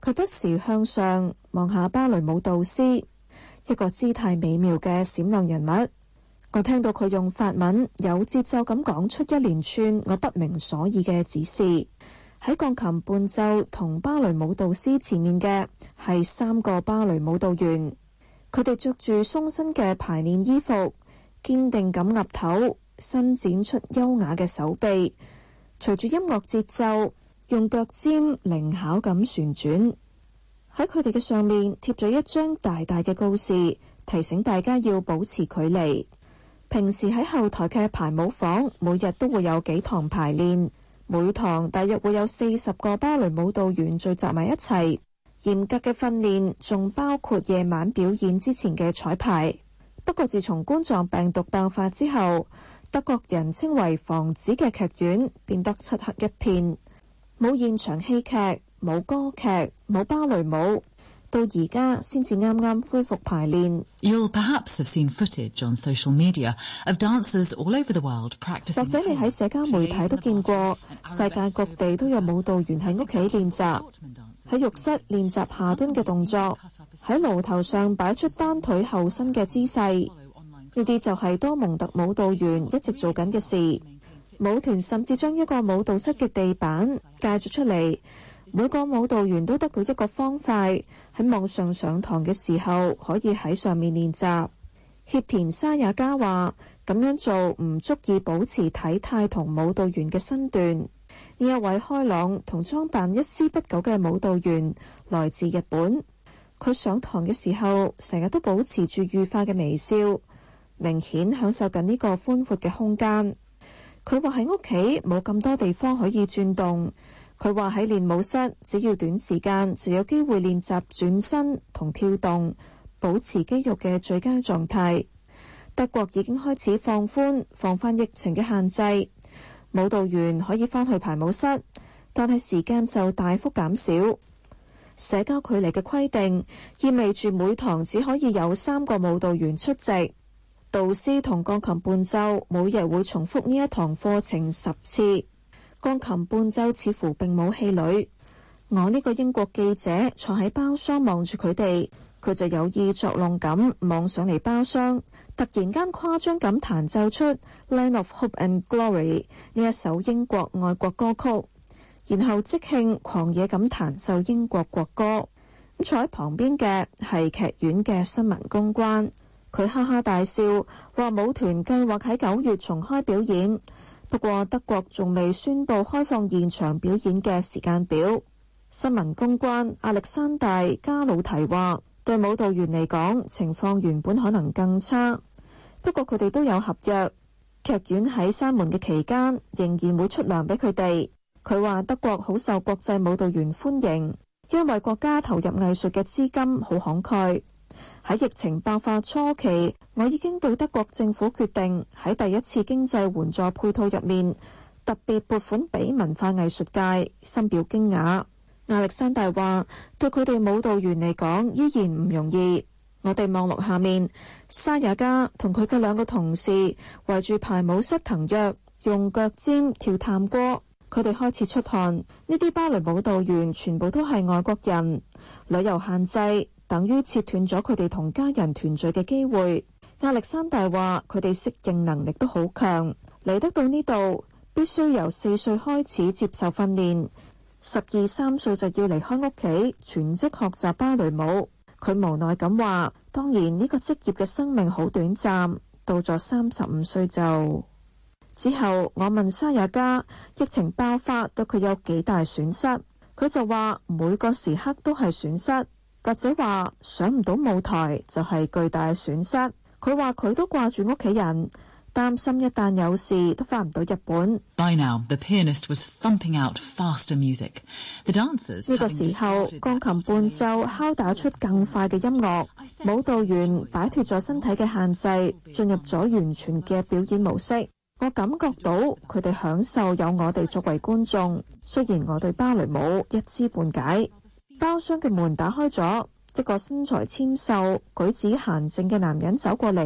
佢不時向上望下芭蕾舞蹈師，一個姿態美妙嘅閃亮人物。我聽到佢用法文有節奏咁講出一連串我不明所以嘅指示。喺鋼琴伴奏同芭蕾舞蹈師前面嘅係三個芭蕾舞蹈員，佢哋着住鬆身嘅排練衣服，堅定咁岌頭，伸展出優雅嘅手臂，隨住音樂節奏。用腳尖靈巧咁旋轉，喺佢哋嘅上面貼咗一張大大嘅告示，提醒大家要保持距離。平時喺後台嘅排舞房，每日都會有幾堂排練，每堂大約會有四十個芭蕾舞蹈員聚集埋一齊。嚴格嘅訓練仲包括夜晚表演之前嘅彩排。不過自從冠狀病毒爆發之後，德國人稱為房子嘅劇院變得漆黑一片。冇現場戲劇，冇歌劇，冇芭蕾舞，到而家先至啱啱恢復排練。You'll perhaps have seen footage on social media of dancers all over the world practicing. 或者你喺社交媒體都見過，世界各地都有舞蹈員喺屋企練習，喺浴室練習下蹲嘅動作，喺爐頭上擺出單腿後身嘅姿勢。呢啲就係多蒙特舞蹈員一直做緊嘅事。舞團甚至將一個舞蹈室嘅地板架咗出嚟，每個舞蹈員都得到一個方塊，喺網上上堂嘅時候，可以喺上面練習。脅田沙也加話咁樣做唔足以保持體態同舞蹈員嘅身段。呢一位開朗同裝扮一絲不苟嘅舞蹈員來自日本，佢上堂嘅時候成日都保持住愉快嘅微笑，明顯享受緊呢個寬闊嘅空間。佢話喺屋企冇咁多地方可以轉動。佢話喺練舞室，只要短時間就有機會練習轉身同跳動，保持肌肉嘅最佳狀態。德國已經開始放寬防範疫情嘅限制，舞蹈員可以返去排舞室，但係時間就大幅減少。社交距離嘅規定意味住每堂只可以有三個舞蹈員出席。導師同鋼琴伴奏，每日會重複呢一堂課程十次。鋼琴伴奏似乎並冇氣餒。我呢個英國記者坐喺包廂望住佢哋，佢就有意作弄咁望上嚟包廂，突然間誇張咁彈奏出《Land of Hope and Glory》呢一首英國愛國歌曲，然後即興狂野咁彈奏英國國歌。坐喺旁邊嘅係劇院嘅新聞公關。佢哈哈大笑，話舞團計劃喺九月重開表演。不過德國仲未宣布開放現場表演嘅時間表。新聞公關亞歷山大加魯提話：對舞蹈員嚟講，情況原本可能更差。不過佢哋都有合約，劇院喺閂門嘅期間仍然會出糧俾佢哋。佢話德國好受國際舞蹈員歡迎，因為國家投入藝術嘅資金好慷慨。喺疫情爆發初期，我已經對德國政府決定喺第一次經濟援助配套入面特別撥款俾文化藝術界深表驚訝。亞歷山大話：對佢哋舞蹈員嚟講，依然唔容易。我哋望落下面，沙亞加同佢嘅兩個同事圍住排舞室騰躍，用腳尖跳探戈。佢哋開始出汗。呢啲芭蕾舞蹈員全部都係外國人，旅遊限制，等於切斷咗佢哋同家人團聚嘅機會。亞歷山大，話佢哋適應能力都好強，嚟得到呢度，必須由四歲開始接受訓練，十二三歲就要離開屋企全職學習芭蕾舞。佢無奈咁話：，當然呢個職業嘅生命好短暫，到咗三十五歲就之後。我問沙亞加疫情爆發對佢有幾大損失，佢就話每個時刻都係損失。或者話上唔到舞台就係巨大嘅損失。佢話佢都掛住屋企人，擔心一旦有事都返唔到日本。By now, the pianist was thumping out faster music. 呢個時候，鋼琴伴奏敲打出更快嘅音樂，舞蹈員擺脫咗身體嘅限制，進入咗完全嘅表演模式。我感覺到佢哋享受有我哋作為觀眾。雖然我對芭蕾舞一知半解。包廂嘅門打開咗，一個身材纖瘦、舉止嫻靜嘅男人走過嚟。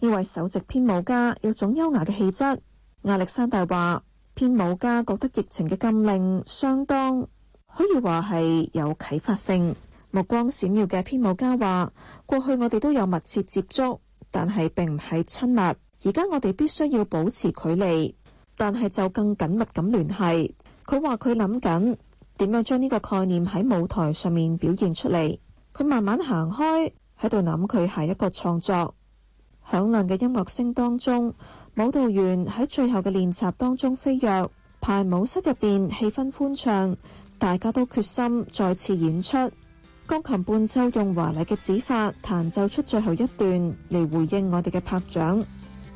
呢位首席編舞家有種優雅嘅氣質。亞歷山大話，編舞家覺得疫情嘅禁令相當可以話係有啟發性。目光閃耀嘅編舞家話，過去我哋都有密切接觸，但係並唔係親密。而家我哋必須要保持距離，但係就更緊密咁聯繫。佢話佢諗緊。點樣將呢個概念喺舞台上面表現出嚟？佢慢慢行開，喺度諗佢下一個創作。響亮嘅音樂聲當中，舞蹈員喺最後嘅練習當中飛躍。排舞室入邊氣氛歡暢，大家都決心再次演出。鋼琴伴奏用華麗嘅指法彈奏出最後一段嚟回應我哋嘅拍掌。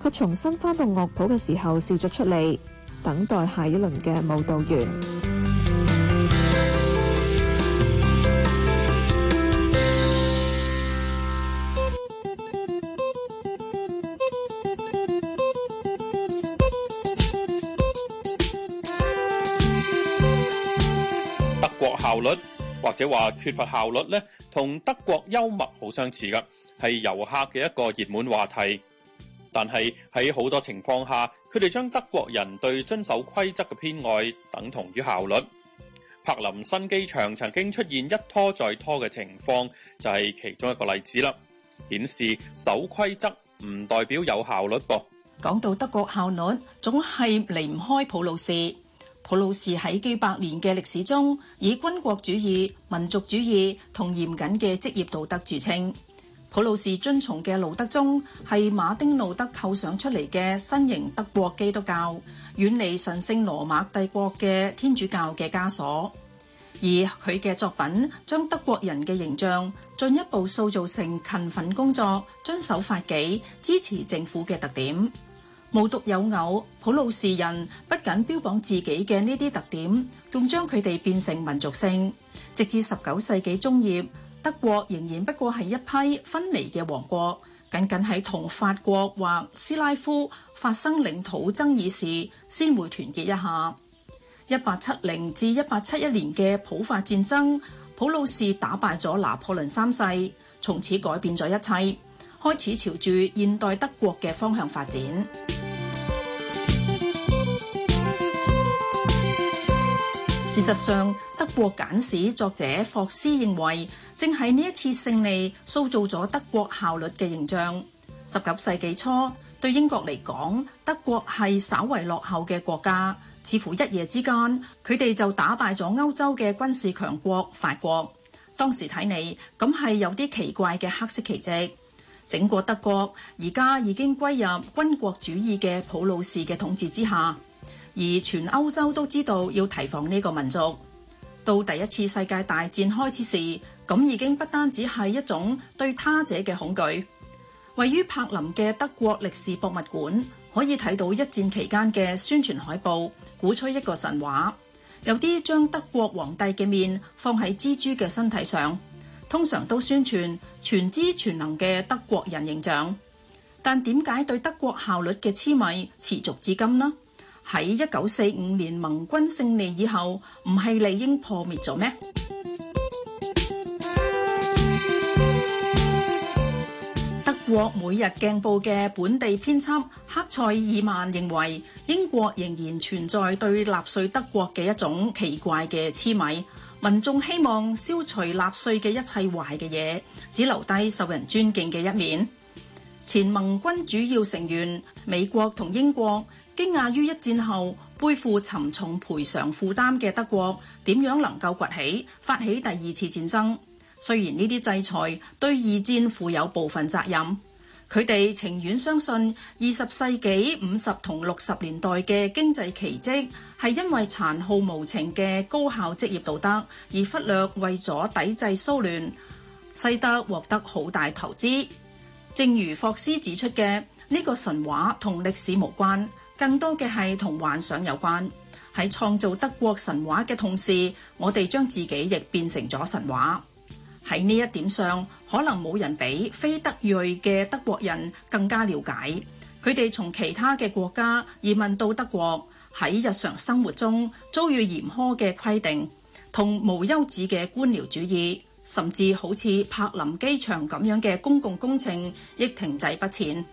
佢重新翻到樂譜嘅時候，笑咗出嚟，等待下一輪嘅舞蹈員。效率或者話缺乏效率咧，同德國幽默好相似噶，係遊客嘅一個熱門話題。但係喺好多情況下，佢哋將德國人對遵守規則嘅偏愛等同於效率。柏林新機場曾經出現一拖再拖嘅情況，就係其中一個例子啦，顯示守規則唔代表有效率噃。講到德國效率，總係離唔開普魯士。普魯士喺幾百年嘅歷史中，以軍國主義、民族主義同嚴謹嘅職業道德著稱。普魯士遵從嘅路德宗係馬丁路德構想出嚟嘅新型德國基督教，遠離神聖羅馬帝國嘅天主教嘅枷鎖。而佢嘅作品將德國人嘅形象進一步塑造成勤奮工作、遵守法紀、支持政府嘅特點。無獨有偶，普魯士人不僅標榜自己嘅呢啲特點，仲將佢哋變成民族性。直至十九世紀中葉，德國仍然不過係一批分離嘅王國，僅僅喺同法國或斯拉夫發生領土爭議時先會團結一下。一八七零至一八七一年嘅普法戰爭，普魯士打敗咗拿破崙三世，從此改變咗一切。開始朝住現代德國嘅方向發展。事實上，德國簡史作者霍斯認為，正係呢一次勝利塑造咗德國效率嘅形象。十九世紀初，對英國嚟講，德國係稍為落後嘅國家。似乎一夜之間，佢哋就打敗咗歐洲嘅軍事強國法國。當時睇你咁係有啲奇怪嘅黑色奇蹟。整個德國而家已經歸入軍國主義嘅普魯士嘅統治之下，而全歐洲都知道要提防呢個民族。到第一次世界大戰開始時，咁已經不單止係一種對他者嘅恐懼。位於柏林嘅德國歷史博物館可以睇到一戰期間嘅宣傳海報，鼓吹一個神話，有啲將德國皇帝嘅面放喺蜘蛛嘅身體上。通常都宣傳全知全能嘅德國人形象，但點解對德國效率嘅痴迷持續至今呢？喺一九四五年盟軍勝利以後，唔係理應破滅咗咩？ 德國每日鏡報嘅本地編輯黑塞爾曼認為，英國仍然存在對納粹德國嘅一種奇怪嘅痴迷。民眾希望消除納粹嘅一切壞嘅嘢，只留低受人尊敬嘅一面。前盟軍主要成員美國同英國，驚訝於一戰後背負沉重賠償負擔嘅德國點樣能夠崛起，發起第二次戰爭。雖然呢啲制裁對二戰負有部分責任。佢哋情願相信二十世紀五十同六十年代嘅經濟奇迹係因為殘酷無情嘅高效職業道德，而忽略為咗抵制蘇聯，西德獲得好大投資。正如霍斯指出嘅，呢個神話同歷史無關，更多嘅係同幻想有關。喺創造德國神話嘅同時，我哋將自己亦變成咗神話。喺呢一點上，可能冇人比非德裔嘅德國人更加了解。佢哋從其他嘅國家移民到德國，喺日常生活中遭遇嚴苛嘅規定同無休止嘅官僚主義，甚至好似柏林機場咁樣嘅公共工程亦停滯不前。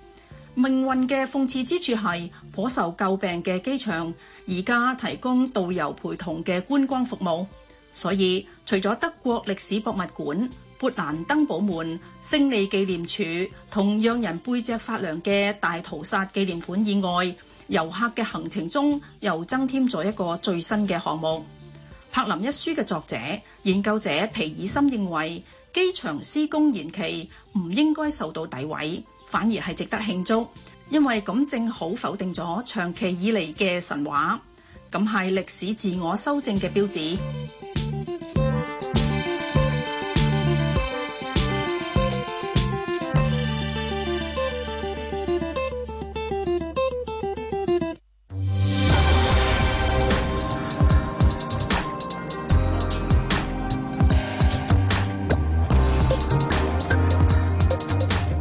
命運嘅諷刺之處係，頗受詬病嘅機場而家提供導遊陪同嘅觀光服務，所以。除咗德國歷史博物館、勃蘭登堡門、勝利紀念柱同讓人背脊發涼嘅大屠殺紀念館以外，遊客嘅行程中又增添咗一個最新嘅項目。柏林一書嘅作者、研究者皮爾森認為，機場施工延期唔應該受到詆毀，反而係值得慶祝，因為咁正好否定咗長期以嚟嘅神話，咁係歷史自我修正嘅標誌。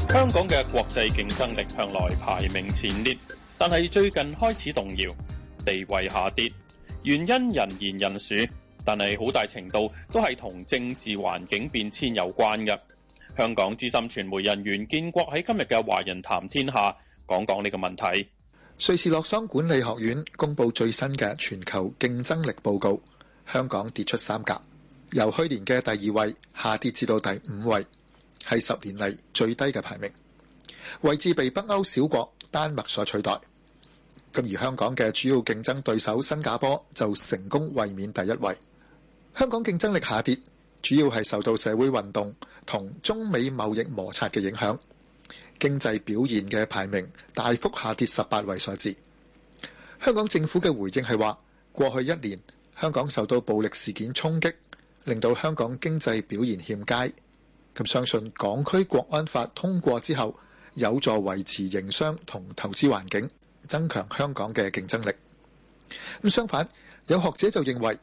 香港嘅國際競爭力向來排名前列，但係最近開始動搖，地位下跌，原因人言人殊。但係好大程度都係同政治環境變遷有關嘅。香港資深傳媒人袁建國喺今日嘅《華人談天下》講講呢個問題。瑞士洛桑管理學院公布最新嘅全球競爭力報告，香港跌出三甲，由去年嘅第二位下跌至到第五位，係十年嚟最低嘅排名，位置被北歐小國丹麥所取代。咁而香港嘅主要競爭對手新加坡就成功衛冕第一位。香港競爭力下跌，主要係受到社會運動同中美貿易摩擦嘅影響。經濟表現嘅排名大幅下跌十八位所致。香港政府嘅回應係話，過去一年香港受到暴力事件衝擊，令到香港經濟表現欠佳。咁相信港區國安法通過之後，有助維持營商同投資環境，增強香港嘅競爭力。咁相反，有學者就認為。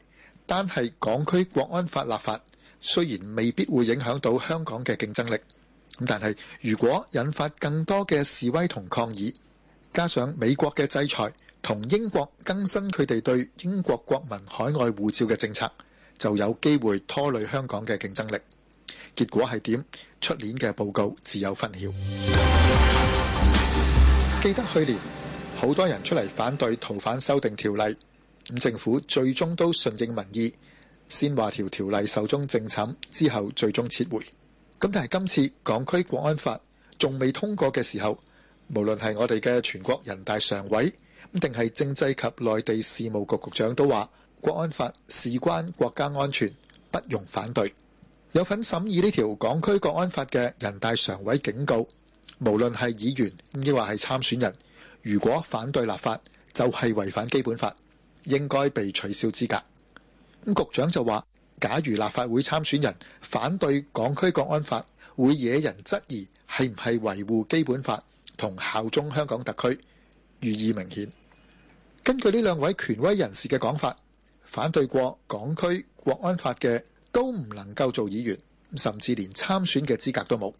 單係港區國安法立法，雖然未必會影響到香港嘅競爭力，咁但係如果引發更多嘅示威同抗議，加上美國嘅制裁同英國更新佢哋對英國國民海外護照嘅政策，就有機會拖累香港嘅競爭力。結果係點？出年嘅報告自有分曉。 記得去年好多人出嚟反對逃犯修訂條例。政府最終都順應民意，先話條條例壽終正寢，之後最終撤回。咁但係今次港區國安法仲未通過嘅時候，無論係我哋嘅全國人大常委，咁定係政制及內地事務局局長都話國安法事關國家安全，不容反對，有份審議呢條港區國安法嘅人大常委警告，無論係議員，亦或係參選人，如果反對立法，就係、是、違反基本法。應該被取消資格。咁局長就話：假如立法會參選人反對港區國安法，會惹人質疑係唔係維護基本法同效忠香港特區，寓意明顯。根據呢兩位權威人士嘅講法，反對過港區國安法嘅都唔能夠做議員，甚至連參選嘅資格都冇。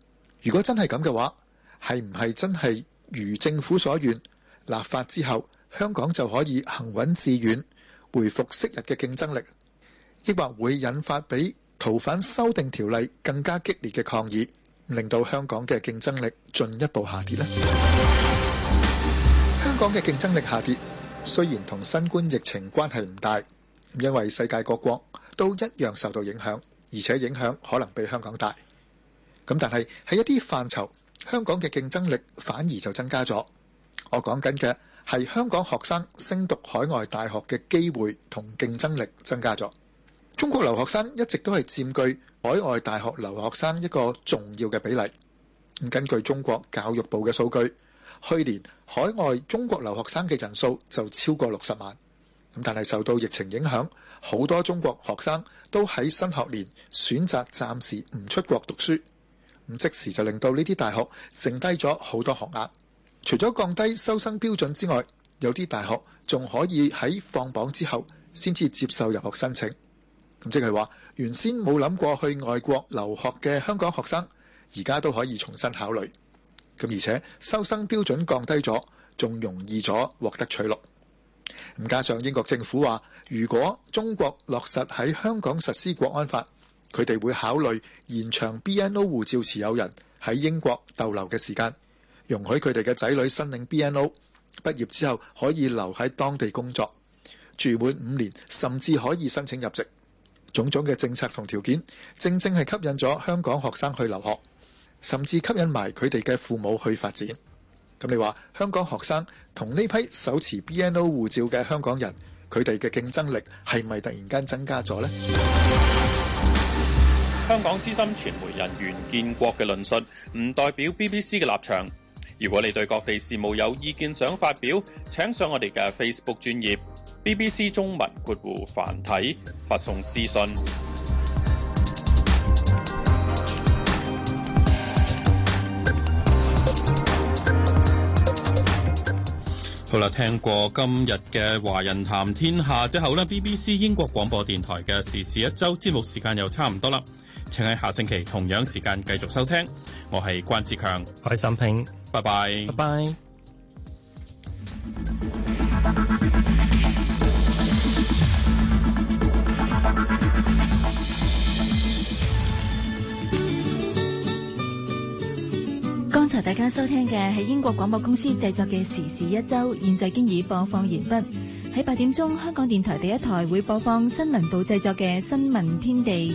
如果真係咁嘅話，係唔係真係如政府所願，立法之後，香港就可以行穩致遠，回復昔日嘅競爭力，抑或會引發比逃犯修訂條例更加激烈嘅抗議，令到香港嘅競爭力進一步下跌呢？ 香港嘅競爭力下跌，雖然同新冠疫情關係唔大，因為世界各國都一樣受到影響，而且影響可能比香港大。咁但係喺一啲範疇，香港嘅競爭力反而就增加咗。我講緊嘅。係香港學生升讀海外大學嘅機會同競爭力增加咗。中國留學生一直都係佔據海外大學留學生一個重要嘅比例。咁根據中國教育部嘅數據，去年海外中國留學生嘅人數就超過六十萬。咁但係受到疫情影響，好多中國學生都喺新學年選擇暫時唔出國讀書，咁即時就令到呢啲大學剩低咗好多學額。除咗降低收生標準之外，有啲大學仲可以喺放榜之後先至接受入學申請。咁即係話，原先冇諗過去外國留學嘅香港學生，而家都可以重新考慮。咁而且收生標準降低咗，仲容易咗獲得取錄。咁加上英國政府話，如果中國落實喺香港實施國安法，佢哋會考慮延長 BNO 護照持有人喺英國逗留嘅時間。容許佢哋嘅仔女申領 BNO，畢業之後可以留喺當地工作，住滿五年，甚至可以申請入籍。種種嘅政策同條件，正正係吸引咗香港學生去留學，甚至吸引埋佢哋嘅父母去發展。咁你話香港學生同呢批手持 BNO 護照嘅香港人，佢哋嘅競爭力係咪突然間增加咗呢？香港資深傳媒人袁建國嘅論述，唔代表 BBC 嘅立場。如果你對各地事務有意見想發表，請上我哋嘅 Facebook 專頁 BBC 中文括弧繁體發送私信。好啦，聽過今日嘅《華人談天下》之後呢，BBC 英國廣播電台嘅時事一周節目時間又差唔多啦。請喺下星期同樣時間繼續收聽，我係關志強，我係沈平，拜拜，拜拜。剛才大家收聽嘅係英國廣播公司製作嘅《時事一周》，現在經已播放完畢。喺八點鐘，香港電台第一台會播放新聞部製作嘅《新聞天地》。